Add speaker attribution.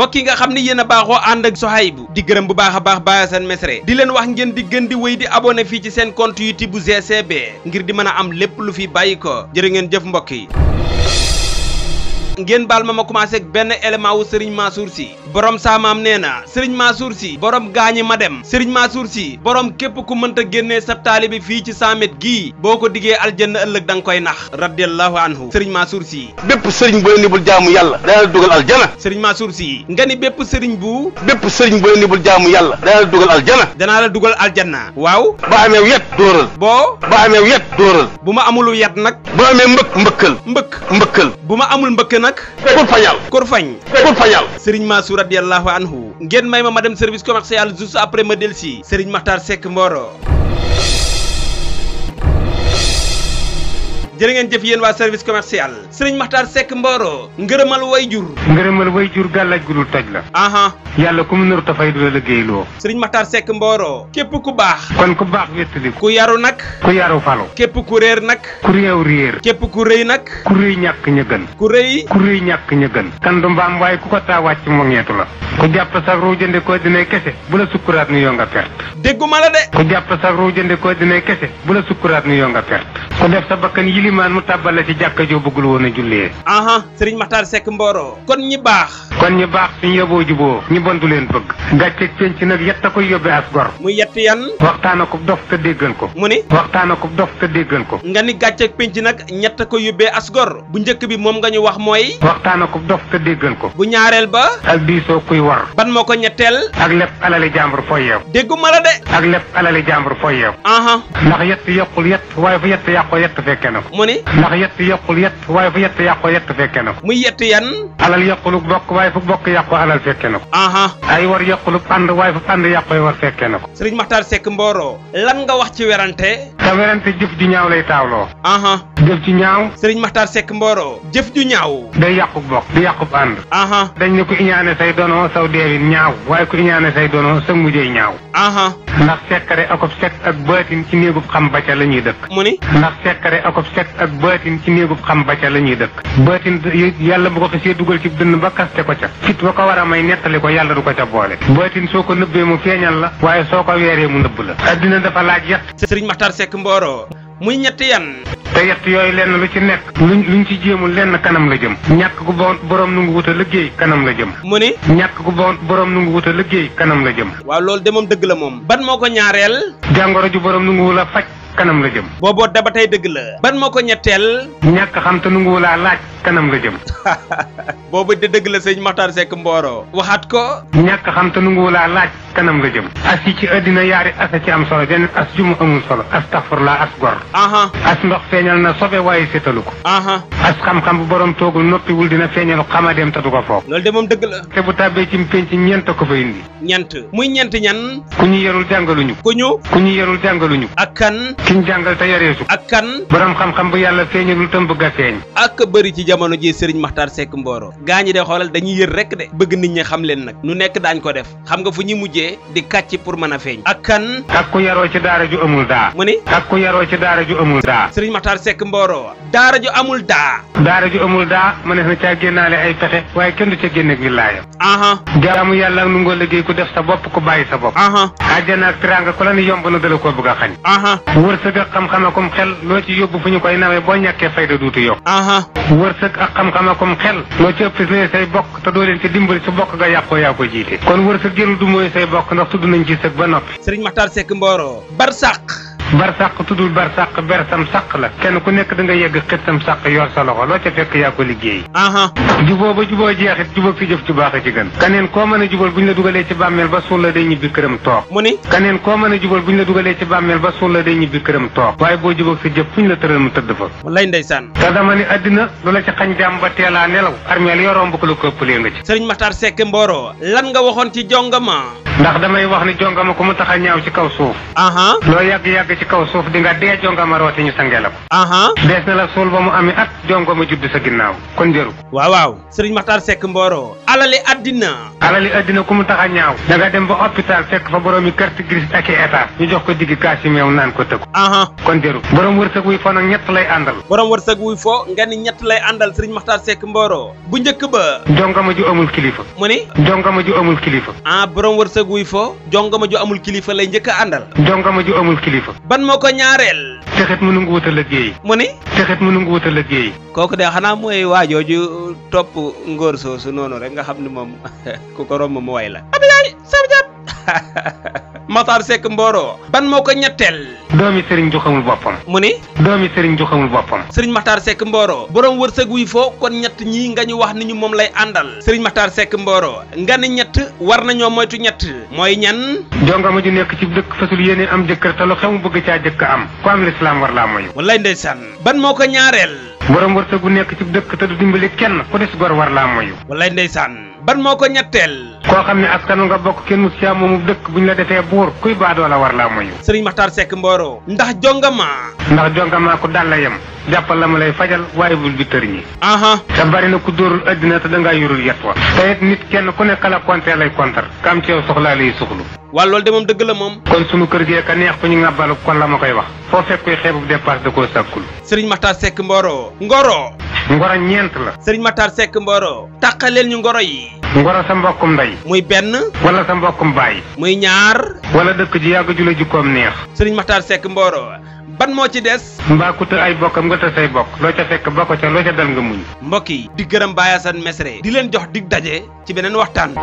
Speaker 1: mbokk yi nga xam ni yéen a baaxoo ànd ak Sohaybu di gërëm bu baax a baax seen Mesre di leen wax ngeen di gën di wéy di abonné fii ci seen compte YouTube bu GCB ngir di mën a am lépp lu fi bàyyi ko jërë ngeen jëf mbokk yi ngeen baal ma ma commencé benn élément wu Serigne Mansour Sy borom saamaam nee na Serigne Mansour Sy borom gaañi ma dem Serigne Mansour Sy borom képp ku mënta génnee sab taalibi fii ci 100 gii boo ko diggee aljanna ëllëg da nga koy nax radiallahu anhu Serigne Mansour Sy bépp sëriñ bu leen nibul jaamu yàlla dana la dugal aljana Serigne Mansour Sy nga ni bépp sëriñ bu bépp sëriñ bu leen nibul jaamu yàlla dana la dugal danaa la dugal aljanna waaw ba ameew yet dóoral boo ba ameew yet dóoral bu ma amulu yet nag bu amee mbëkk mbëkk mbëkkal nag kon fañal kon fañ kon fañal radiyallahu anhu ngeen may ma ma dem service commercial juste après ma delsi sëriñ Makhtar Seck jërë ngeen jëf yéen waa service commercial sëriñ Maxtaar Seck Mboro ngërëmal way jur
Speaker 2: ngërëmal way jur gàllaaj gu dul toj la aha yàlla
Speaker 1: ku mu naru tafay du la liggéey loo sëriñ Maxtaar Seck Mboro képp ku baax kon ku baax wéttali ku yaru nag ku yaru falo képp ku réer nag ku réew réer képp ku rëy nag ku rëy ñàkk
Speaker 2: ñu gën ku rëy ku rëy ñàkk ña gën kan mbaam waaye ku ko taa wàcc moo ngeetu la ku jàpp sax ruu jënde koo dina kese bu la sukkuraat ni yoo nga perte dégguma la de ku jàpp sax ruu jënde dina kese bu la sukkuraat ni yoo nga perte ku def sa bakkan yilimaan mu tàbbal la ci jàkka joo bëggul woon a jullee aha sëriñ Maxtaar Seck Mboro kon ñi baax kon ñi baax suñ yoboo juboo ñi bontu leen
Speaker 1: bëgg gàcceeg penc nag yett a koy yóbbee as gor mu yett yan waxtaana ko dof te déggal ko mu ni waxtaana ko dof te déggal ko nga ni gàcceeg penc nag ñett a koy yóbbee as gor bu jëkk bi moom nga ñu wax mooy waxtaana ko dof te déggal ko bu ñaareel ba ak diisoo kuy war ban moo ko ñetteel ak lépp alali jàmbur fooy ma de ak lépp alali jàmbur fooy yeew
Speaker 2: yàqoo yett fekke na ko mu ni ndax yett yàqul yett waaye fu yett yàqoo yett fekke na ko muy yett yan alal yàqulug bokk waaye fu bokk yàqoo alal fekke na ko aha ay war yàqulug ànd waaye fu ànd yàqoo war fekke na ko
Speaker 1: Sekk Mbooro lan nga wax ci werante te werante jëf ju ñaaw lay taawloo aha jëf ju ñaaw sëriñ maxtaar sekk mbooro
Speaker 2: jëf ju ñaaw day yàqub bokk di yàqub ànd aha dañ ne ku iñaane say dono saw deewin ñaaw waaye ku iñaane ñaaw aha ndax sekkare akob sekk ak baatin ci néegub xam ba la ñuy dëkk mu ni ndax sekkare akob sekk ak baatin ci néegub xam ba ca la ñuy dëkk baatin yàlla bu ko xasee dugal ci dënn ba kaste ko ca fit ba ko war a may nettali ko yàlla du ko ca boole baatin soo ko nëbbee mu feeñal la waaye soo ko weeree mu nëbb la addina dafa laaj yàq sëriñ maxtaar sekk mbooro muy ñetti yan te yett yooyu lenn lu ci nekk luñ luñ ci jéemul lenn kanam la jëm ñàkk gu bon borom nu ngi wut a liggéey kanam la jëm mu ni ñàkk gu bon borom nu wut a kanam la jëm
Speaker 1: waaw loolu de moom dëgg la moom ban moo ko ñaareel jàngoro ju borom nu ngi wul a faj kanam la jëm booboo daba tey dëgg la ban moo ko ñetteel ñàkk xam te nu ngi wulaa laaj kanam la jëm boobu de dëgg la sëñ Maxtaar Seck mbooroo waxaat ko ñàkk xam te nungu laa laaj kanam la jëm
Speaker 2: as yi ci àddina yaari a ci am solo benn as ju mu amul solo as tafur laa as gor aha as ndox feeñal na sobe waaye sétalu ko aha as xam-xam bu borom toogul noppiwul dina feeñal xamadeem tatu ko foog loolu de moom dëgg la te bu tàbbee ci pénc ñeent ko fa indi
Speaker 1: ñeent muy ñeent ñan ku ñu yarul
Speaker 2: jàngaluñu ku ñu ku ñu yarul jàngaluñu ak kan
Speaker 1: ki ñu jàngal te yareesu ak kan borom xam-xam bu yàlla feeñalul tam bëgg a ak bëri ci jamono ji sëriñ Maxtaar Seck Mboro gaa ñi de xoolal dañuy yër rek de bëgg nit ñi xam leen nag nu nekk daañ ko def xam nga fu ñuy mujjee di kàcc pour mën a feeñ ak kan ak ku yaroo ci daara ju amul daa mu ni ak ku yaroo ci daara ju amul daa sëriñ Maxtaar Sekk Mbooro daara ju daa daara ju amul
Speaker 2: mënees na caa génnaale ay pexe waaye kenn du ca génne ak willaayam aha jaamu yàlla nu ngoo liggéey ku def sa bopp ku bàyyi sa bopp aha àjjana ak teraanga ku la ni yomb na dala koo bëgg a xañ aha ak xam-xam akum xel loo ci yóbbu fu ñu koy nawee boo ñàkkee fayda duutu yow aha wërsëg ak xam-xam akum xel loo ci ëppale say bokk te doo leen bokk nga yàqoo yaa ko jiite say bokk ndax tudd nañ ci sëg ba noppi. Serigne Makhtar Seck Mboro Barsàq barsàq tuddul barsàq bersam sàq la kenn ku nekk da nga yegg xittam sàq yor sa loxo loo ca fekk yaa ko liggéey juboo ba juboo jeexit jubóog ci jëf ci baax a ci kaneen koo mën a jubal bu ñu la dugalee ci bàmmeel ba suul la day ñibbi këram toog mu ni kaneen koo mën a jubal bu ñu la dugalee ci bàmmeel ba suul la day ñibbi këram toog waaye boo jubóog sa jëf fu ñu la tëral mu tëdd fa
Speaker 1: wallaay ndeysaan te dama ni àddina lu la ci xañ jàmm ba teelaa nelaw armeel yoroom bu ko la ko ëppalee nga ci Sëriñ Maxtaar Seck Mboro lan nga waxoon
Speaker 2: ndax damay wax ni jongama ku mu tax a ñaaw ci kaw suuf
Speaker 1: aha loo
Speaker 2: yàgg-yàgg ci kaw suuf di nga dee jongama rooti ñu sange la ko aha dees na la suul ba mu amee at jongama judd sa ginnaaw kon jëru waaw waaw sëriñ Maxtaar Seck Mboro alali addina alali addina ku mu tax a ñaaw da nga dem ba hôpital fekk fa boroomi carte grise ak i état ñu jox ko diggi kaasi meew naan ko tëkku
Speaker 1: aha kon jëru borom wërsëg wuy fo nag ñett lay àndal borom wërsëg wuy fo nga ni ñett lay àndal sëriñ Maxtaar Seck Mboro bu njëkk ba jongama ju amul kilifa mu ni jongama ju ah, wërsëg guy fo jongama ju amul kilifa lay njëkk a àndal jongama ju amul kilifa ban moo ko ñaareel texet mënu ngu wuta liggéey mu ni texet mënu ngu wuta liggéey kooku de xanaa mooy waajooju topp ngóor soosu noonu rek nga xam ne moom ku ko romb mu way la abi yaay sama jàpp Matar Seck mbooroo ban moo ko ñetteel doomi sëriñ ju xamul boppam mu ni
Speaker 2: doomi sëriñ ju xamul boppam
Speaker 1: sëriñ Matar Seck Mboro borom wërsëg wuy foo kon ñett ñii nga ñu wax ni ñu moom lay àndal sëriñ Matar sekk mbooroo nga ne ñett war nañoo moytu ñett mooy ñan
Speaker 2: jongama ju nekk ci dëkk fasul yéene am jëkkër te lu xew mu bëgg caa jëkk am ku am lislaam war laa moy wallaay ndeysaan ban moo ko ñaareel borom wërsëg bu nekk ci dëkk te du dimbali kenn ku des gor war laa moyu
Speaker 1: wallaay ndeysaan ban moo ko ñetteel
Speaker 2: koo xam ne askanu nga bokk kenn mus ci am moomu dëkk bu ñu la defee buur kuy baadoo la war laa moyu
Speaker 1: sëriñ Maxtaar Sekk Mboro
Speaker 2: ndax jongama ndax jongama ku dal la yem jàppal la ma lay fajal waaye bul bi tër ñi aha te bari na ku dóorul addina te dangaa yurul yet wa te it nit kenn ku nekk la konte lay kontar kam ci yow lay suxlu waa
Speaker 1: loolu de moom dëgg la moom
Speaker 2: kon sunu kër gee ka neex ku ñu ngàbbalu kon la ma koy wax
Speaker 1: foo fekk koy xeebub dépasse da koo sàkkul sëriñ Maxtaar Sekk ngoro ñeent la. Serigne Matar Seck Mboro. taqaleel ñu ngoro yi. ngoro sa mbokkum ndey. muy benn. wala
Speaker 2: sa mbokkum baay. muy ñaar. wala dëkk ji yàgg ju la jikkoom neex.
Speaker 1: Serigne Matar sekk Mboro. ban moo ci des. mbaa ku ay bokkam nga të say bokk loo ca fekk bokk ko ca loo ca dal nga muñ. mbokk yi di gërëm Baye Assane Mesre. di leen jox dig daje ci beneen waxtaan.